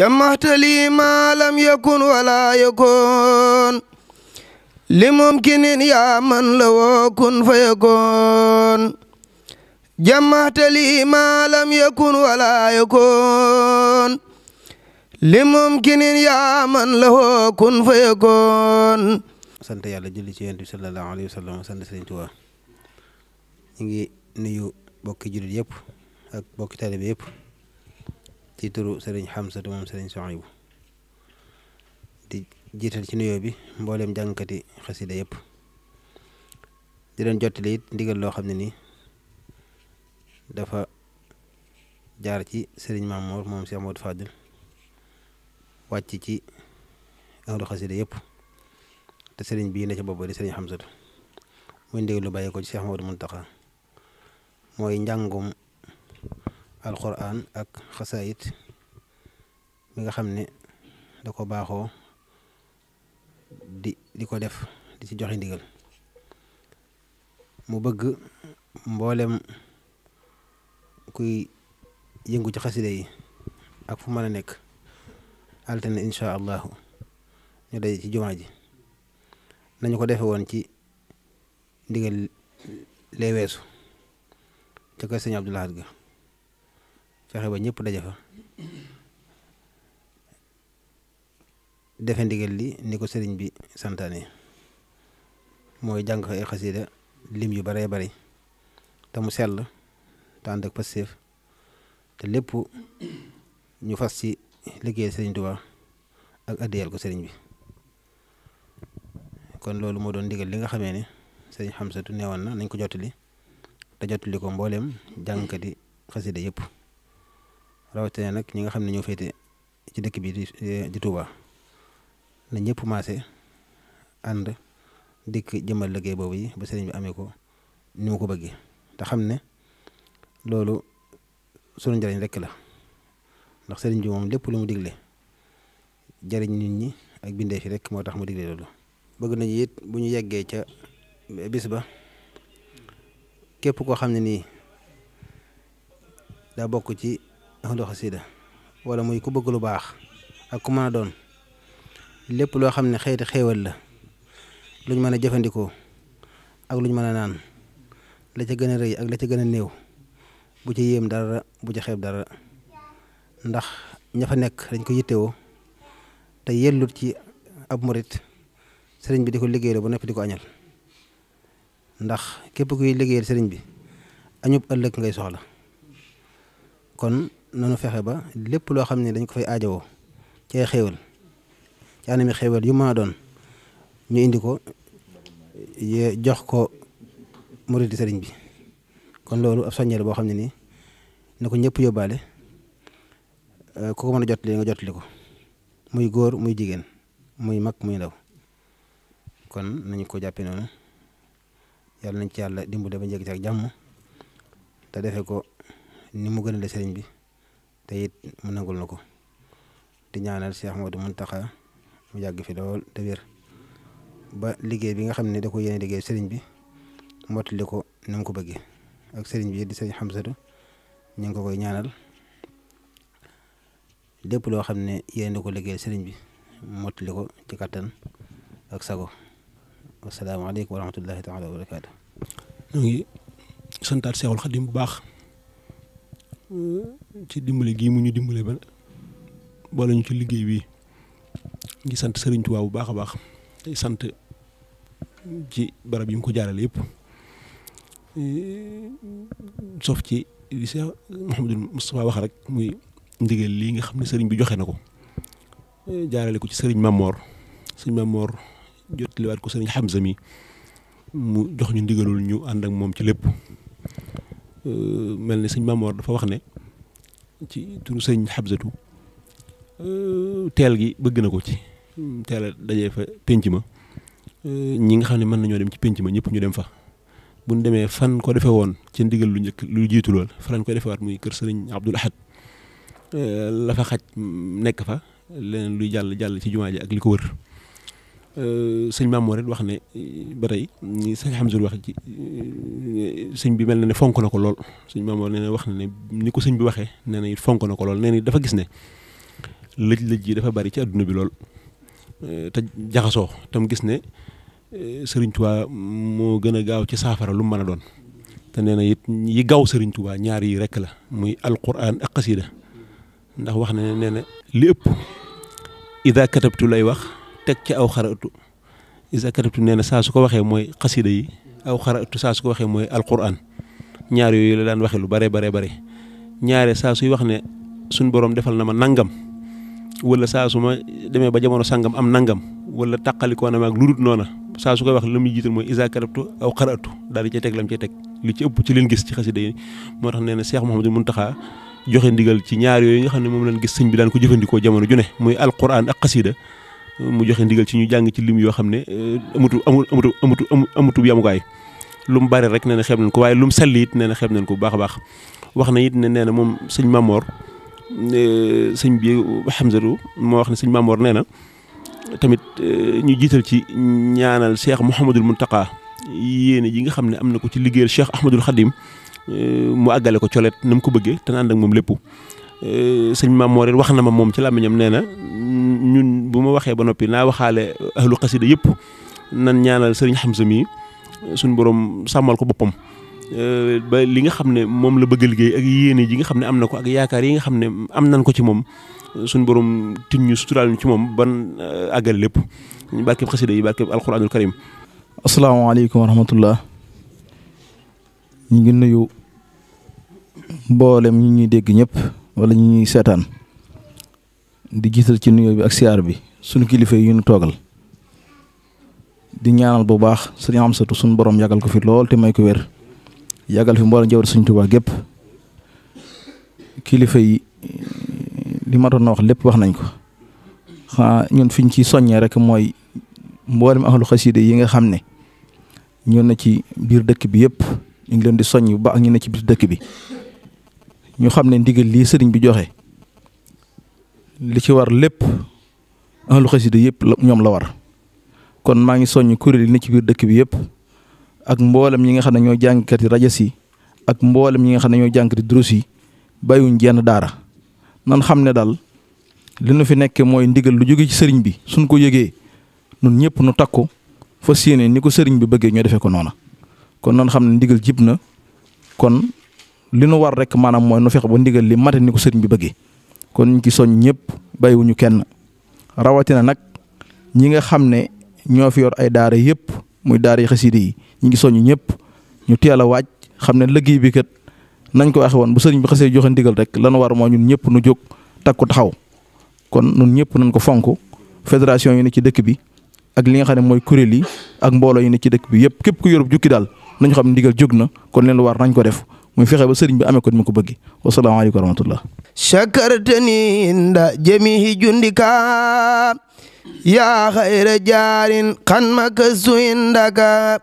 جمعت لي ما لم يكن ولا يكون لممكن يا من لو كن فيكون جمعت لي ما لم يكن ولا يكون لممكن يا yàlla julli ci yonent bi sallallahu alayhi wa sallam sant Sëriñ Tuubaa nuyu bokki jullit yëpp ci turu sëriñ Xamsatu moom sëriñ Soxaybu di jiital ci nuyoo bi mbooleem jàngkati xasida yëpp di leen jottali it ndigal loo xam ne nii dafa jaar ci sëriñ Mamour moom Cheikh Modou Fadil wàcc ci ahlu xasida yëpp te sëriñ bii na ca bobo di sëriñ Xamsatu muy ndigal lu bàyyi ko ci Cheikh Modou Muntaxa mooy njàngum alquran ak xasaayit mi nga xam ne da ko baaxoo di di ko def di ci joxe ndigal mu bëgg mboolem kuy yëngu ci xasida yi ak fu mën a nekk altine incha allahu ñu day ci jumaa ji nañu ko defe woon ci ndigal lee weesu ca kër ga fexe ba ñëpp daje fa defe ndigal li ni ko sëriñ bi santaane mooy jàng fa ay xasida lim yu baree bari te mu sell te ànd ak te lépp ñu fas ci liggéeyal sëriñ Tuubaa ak addiyal ko sëriñ bi kon loolu moo doon ndigal li nga xamee ne sëriñ Xamsatu neewoon na nañ ko jottali te jottali ko mbooleem jàngkati xasida yëpp rawatina nag ñi nga xam ne ñoo féete ci dëkk bi di di na ñëpp maase ànd dikk jëmal liggéey boobu yi ba sëriñ bi amee ko ni mu ko bëggee te xam ne loolu sunu njëriñ rekk la ndax sëriñ bi moom lépp lu mu digle jariñ nit ñi ak bindee fi rekk moo tax mu digle loolu. bëgg nañu it bu ñu yeggee ca bis ba képp koo xam ne nii daa bokk ci. ahlu xasida wala muy ku bëgg lu baax ak ku mën a doon lépp loo xam ne xeeti xéewal la luñ mën a jëfandikoo ak luñ mën a naan la ca gën a rëy ak la ca gën a néew bu ci yéem dara bu ci xeeb dara ndax ña fa nekk dañ ko yittewoo te yellut ci ab morit sëriñ bi di ko liggéeyal bu nekk di ko añal ndax képp kuy liggéeyal sëriñ bi añub ëllëg ngay soxla kon nanu fexe ba lépp loo xam ne dañ ko fay aajowoo ci ay xéewal ci anami xéewal yu ma doon ñu indi ko jox ko muridi sëriñ bi kon loolu ab soññeel boo xam ne nii na ko ñëpp yóbbaale eh, ku ko mën a jotli nga jotli ko muy góor muy jigéen muy mag muy ndaw kon nañ ko jàppe noonu yàlla nañ ci yàlla dimbale ba njëkk ci ak jàmm te defe ko ni mu gën a la bi te it mu nangul na ko di ñaanal Cheikh Modou Mountakha mu yàgg fi lool te ba liggéey bi nga xam ne da ko yéene liggéey sëriñ bi mottali ko ni mu ko bëggee ak sëriñ bi di sëriñ Xamsatu ñu ngi ko koy ñaanal lépp loo xam ne yéene na ko liggéey sëriñ bi mottali ko ci ak sago wasalaamaaleykum wa rahmatullahi taala wa barakaatu. ci dimbali gii mu ñu dimbali ba boole ñu ci liggéey bi ngi sant Serigne Touba bu baax a baax te sant ci barab yi mu ko jaarale yëpp sof ci li Cheikh Mouhamadou Moustapha wax rek muy ndigal lii nga xam ne sëriñ bi joxe na ko jaarale ko ci sëriñ Mamor sëriñ Mamor jotaliwaat ko sëriñ Hamza mi mu jox ñu ndigalul ñu ànd ak moom ci lépp Euh, mel ni sëñ Mamoor dafa wax ne ci turu sëñ Xabsatu euh, teel gi bëgg na ko ci teel a dajee fa pénc ma euh, ñi nga xam ne mën nañoo dem ci pénc ma ñëpp ñu dem fa bu ñu demee fan ko defee woon ceen ndigal lu njëkk lu jiitu lool fa lañ ko defewaat muy kër sa sëriñ Abdul Ahad la fa xaj nekk fa leneen luy jàll jàll ci jumaa ji ak li ko wër Euh, sëñ Maam Moor wax ne ba tey ni sëñ Hamzul wax ci euh, sëñ bi mel na ne fonk na ko lool sëñ Maam Moor nee wax na ne ni ko sëñ bi waxee nee na it fonk na ko lool nee na dafa gis ne lëj-lëj dafa bari ci àdduna bi lool euh, te jaxasoo tam gis ne Sëriñ Tuubaa gën a gaaw ci saafara lu mën a doon te nee na it yi gaaw Sëriñ ñaar yi rekk la muy alquran ak xasida ndax wax na ne nee na li ëpp ida katabtu lay wax teg ci aw xaratu isa karibtu nee na saa su ko waxee mooy xasida yi aw xaratu saa su ko waxee mooy alquran ñaar yooyu la daan waxee lu bare bare bare ñaare saa suy wax ne suñ borom defal na ma nangam wala saa ma demee ba jamono sangam am nangam wala taqalikoo na ma ak lu dul noona saa su wax la muy jiital mooy isa karibtu aw xaratu daal di teg lam ca teg li ci ëpp ci leen gis ci xasida yi moo tax nee na Cheikh Mouhamadou Mountakha joxe ndigal ci ñaar yooyu nga xam ne moom lañ gis sëñ bi daan ko jëfandikoo jamono ju ne muy alquran ak xasida mu joxe ndigal ci ñu jàng ci lim yoo xam ne euh, amatu amul amatu amatu amatu yamukaay lu mu bari rek nee na xeeb nañ ko waaye lu mu sell it nee na xeeb nañ ko bu baax a baax wax na it ne nee na moom sëñ Mamor bi Hamzatu moo wax ne sëñ Mamor nee na tamit euh, ñu jiital ci ñaanal Cheikh Mouhamadul Mountakha yéene yi nga xam ne am na ko ci liggéeyal Cheikh Ahmadul Khadim euh, mu àggale ko colet na mu ko bëggee te ànd ak moom lépp. Euh, sëñ Maam Moor wax na ma moom ci làmmiñam nee na ñun bu ma waxee ba noppi naa waxaale ahlu xasida yëpp nan ñaanal sëriñ Hamza mi suñ borom sàmmal ko boppam euh, ba li nga xam ne moom la bëgg liggéey ak yéene ji nga xam ne am na ko ak yaakaar yi nga xam ne am nañ ko ci moom suñ borom tiñ ñu suturaal ci moom ban euh, àggal lépp barkeb xasida yi barkeb alquranul karim asalaamaaleykum wa rahmatullah ñu ngi nuyu mboolem ñi ñuy dégg ñëpp wala ñu ñuy seetaan di gisal ci nuyoo bi ak siyaar bi suñu kilifa yi ñu toogal di ñaanal bu baax suñu am satu suñu borom yàggal ko fi lool te may ko wér yàggal fi mboolem jawar suñu Tuubaa gépp kilifa yi li ma doon wax lépp wax nañ ko xanaa ñun fiñ ci soññee rek mooy mboolem ahlu xaside yi nga xam ne ñoo na ci biir dëkk bi yëpp ñu ngi leen di soññ bu baax ñu ne ci biir dëkk bi ñu xam ne ndigal lii sëriñ bi joxe li ci war lépp lu xasida yëpp ñoom la war kon maa ngi soññ kuréel yi ne ci biir dëkk bi yépp ak mboolem ñi nga xam ne ñoo jàngkati rajas yi ak mboolem ñi nga xam ne ñoo jàngkati durus yi bàyyiwuñ jenn daara nan xam ne daal li nu fi nekke mooy ndigal lu jóge ci sëriñ bi suñ ko yëgee nun ñëpp nu takku fas yéene ni ko sëriñ bi bëggee ñoo defee ko noona kon nan xam ne ndigal jib na kon li nu war rek maanaam mooy nu fexe ba ndigal li mate ni ko sëriñ bi bëggee kon ñu ci soñ ñëpp ñu kenn rawatina nag ñi nga xam ne ñoo fi yor ay daara yëpp muy daara yi xasida yi ñu ngi soññ ñëpp ñu teel a waaj xam ne liggéey bi kat nañ ko waxe bu sëriñ bi xasee joxe ndigal rek lan war moo ñun ñëpp nu jóg takku taxaw kon ñun ñëpp nañ ko fonk fédération yi ne ci dëkk bi ak li nga xam ne mooy kuréel yi ak mboolo yi ne ci dëkk bi yëpp képp ku yorub jukki nañu xam ndigal jóg na kon leen lu war nañ ko def muy fexe ba sëriñ bi amee ko ni mu ko bëggee wasalaamaaleykum wa rahmatullah chakartani inda jamihi jundika yaa xayra jaarin xan makasu indaka